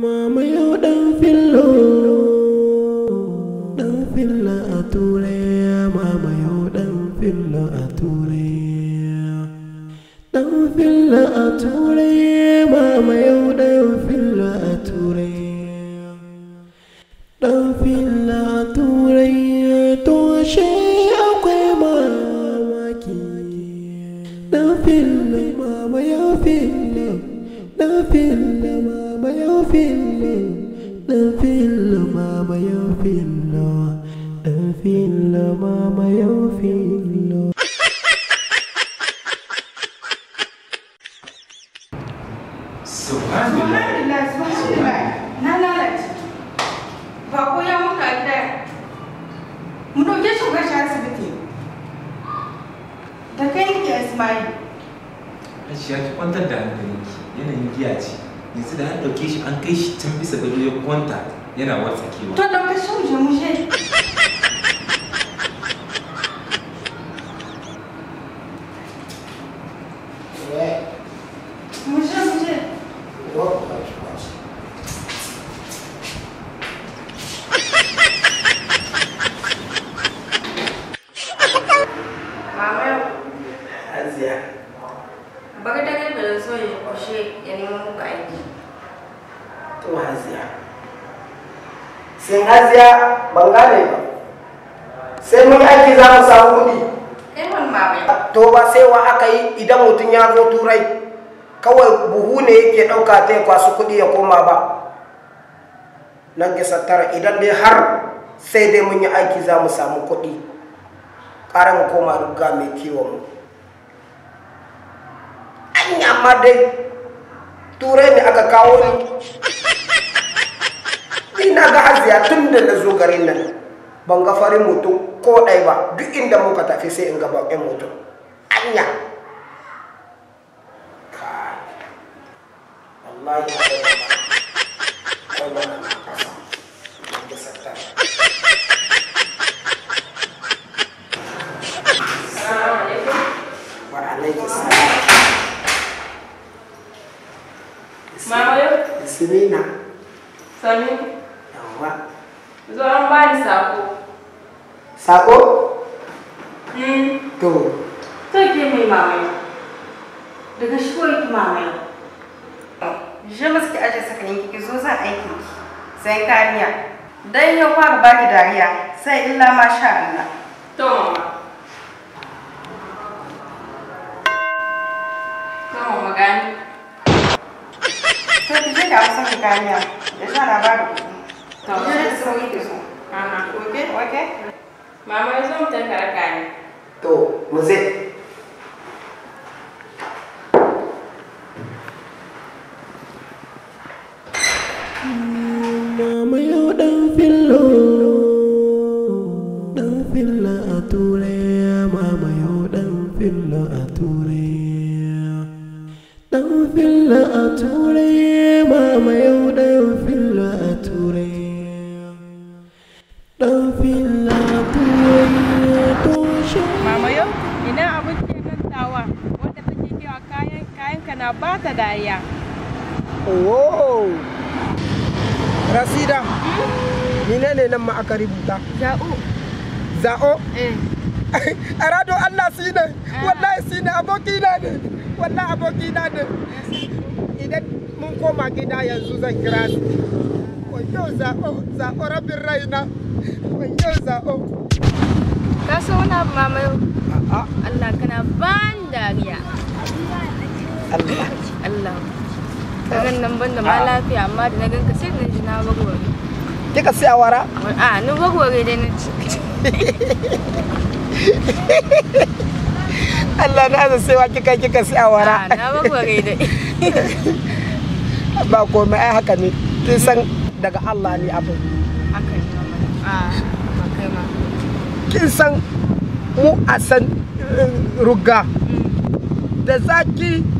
Mama yau dan fillo dan a turai mama yau a turai dan a turai mama yau a a الغمام يغفر له ɗauke da kwantar da yanayin giya ce yanzu da an ɗauke shi an kai shi can bisa gado ya kwanta yana wartsakewa to ɗauke shi mu je mu je sun haziya ban gane ba sai mun aiki za mu samu kudi to ba sai wa aka yi idan mutum ya zo turai kawai buhu ne yake ɗauka ta ya kwasu kudi ya koma ba nan ke sattara idan dai har sai dai mun yi aiki za mu samu kudi ƙara mu koma ruga mai kiwon mu an yi amma dai turai ne aka kawo ne ina ga haziya tun da na zo garin nan ban ga farin mutum ko ɗai ba duk inda muka tafi sai in ga baƙin mutum anya Kuwa? Zo an ba ni sako. Sako? Mm. To. To ke mai mamaye. Daga shi shigowar ki mamaye. Je masu ki aje sakanin ki zo zan aikin ki. Sai kariya. Dan ya fara baki dariya sai illa ma sha Allah. To mama. To mama gani. Sai ki je ki san mai kariya. Ya sha labarin. Tamam. Sonra gidiyorsun. Aha. Okay. Okay. Mama yazıyor mu tekrar kayın? Mama yo đang phiền lo, đang phiền lo tu le. Mama yo đang phiền lo tu le, đang phiền lo tu le. Mama yo đang phiền lo na bata da dariya rasida hmm? ni ne nan ma aka rubuta za'o za'o eh. a rado allah si ne ah. wallahi si ne abokina ne wallahi abokina ne idan mun koma gida yanzu zan kira su wayo za'o za'o rabin raina wayo za'o ka so mamayo Allah kana ban dariya. Allah Allah kagan nan ban da ma ah. lafiya amma da na ganka sai na ji na bagware kika sai awara a ah, ni bagware dai na ci Allah na da sai wa kika kika sai awara a ah, na bagware dai ba komai ai haka ne kin san daga Allah ne abin haka ne a ba kai ma kin san mu a san eh, rugga mm. da zaki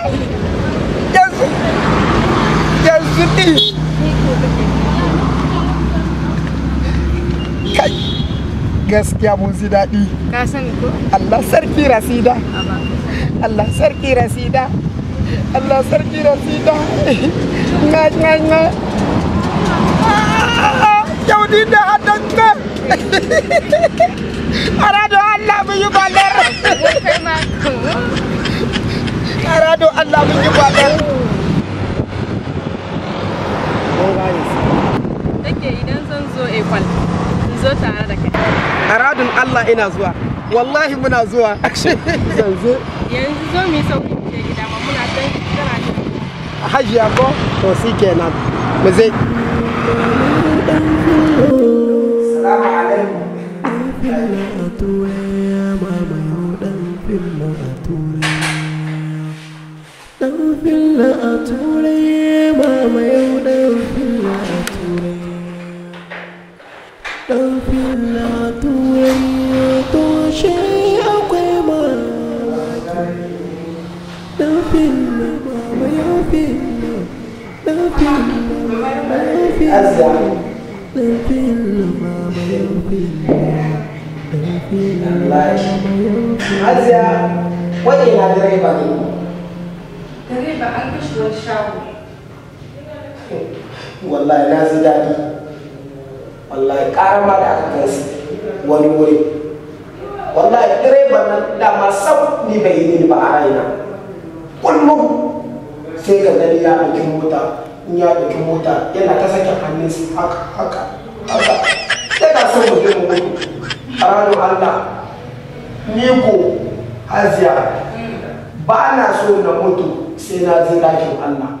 kuɗi kai gaskiya mun ji daɗi Allah sarki rasida Allah sarki rasida Allah sarki rasida nga nga nga ah, yau ni da hadan ka arado Allah mu yi balar arado Allah mu yi balar kake aradun Allah ina zuwa wallahi muna zuwa action zan zo yanzu zo mu yi sauki mu gida ma muna san kana shi hajiya ko to kenan mu zai salamu alaikum Dan filla a turai mama yau اغفر لا تريد شيئا قيما اغفر بابا يغفر اغفر بابا يغفر اغفر بابا يغفر أزياء وين قريبة دي؟ قريبة أنكش والشاور والله نازل دادي wallahi karama da aka kai su wani wuri wallahi direban nan ma sab ni bai yi ni ba a raina kullum sai ka gani ya ɗauki mota in ya ɗauki mota yana ta hannun hannunsa haka haka haka yana son mu je mu mutu a ranar Allah ni ko haziya ba na so na mutu sai na je dakin Allah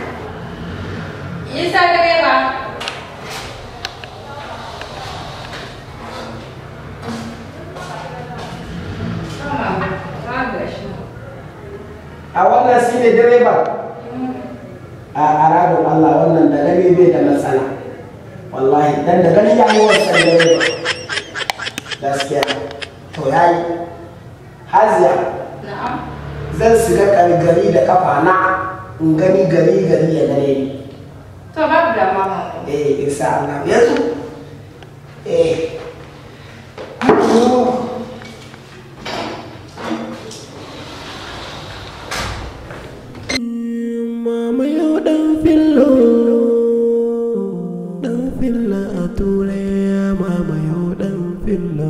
direba. A wannan shi ne wannan da da matsala. Wallahi, dan da ya Gaskiya, to ya yi. Zan siga gari da kafa na in gani gari gari ya gare ni. probablement eh esala yesu eh Mama yo đang phiền lo Đang phiền là tu le Mama yo đang phiền là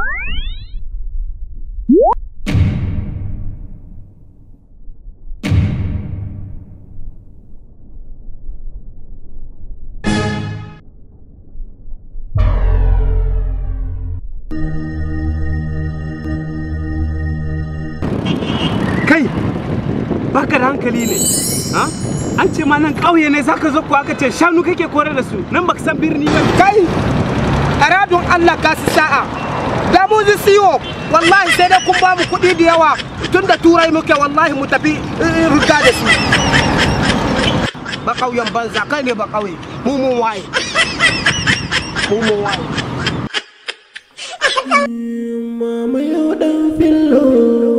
kai baka da hankali ne ha an ce ma nan ƙauye ne zaka zo ko aka ce shanu kake kore da su nan baka san birni ba kai aradun Allah ka su sa'a da mu ji siyo wallahi sai dai kun ba mu kuɗi da yawa tunda turai muke wallahi mu tafi eh, eh, ruga da su ba ƙauyen banza kai ne ba ƙauye mu mun waye mu mun waye Mama don't feel fillo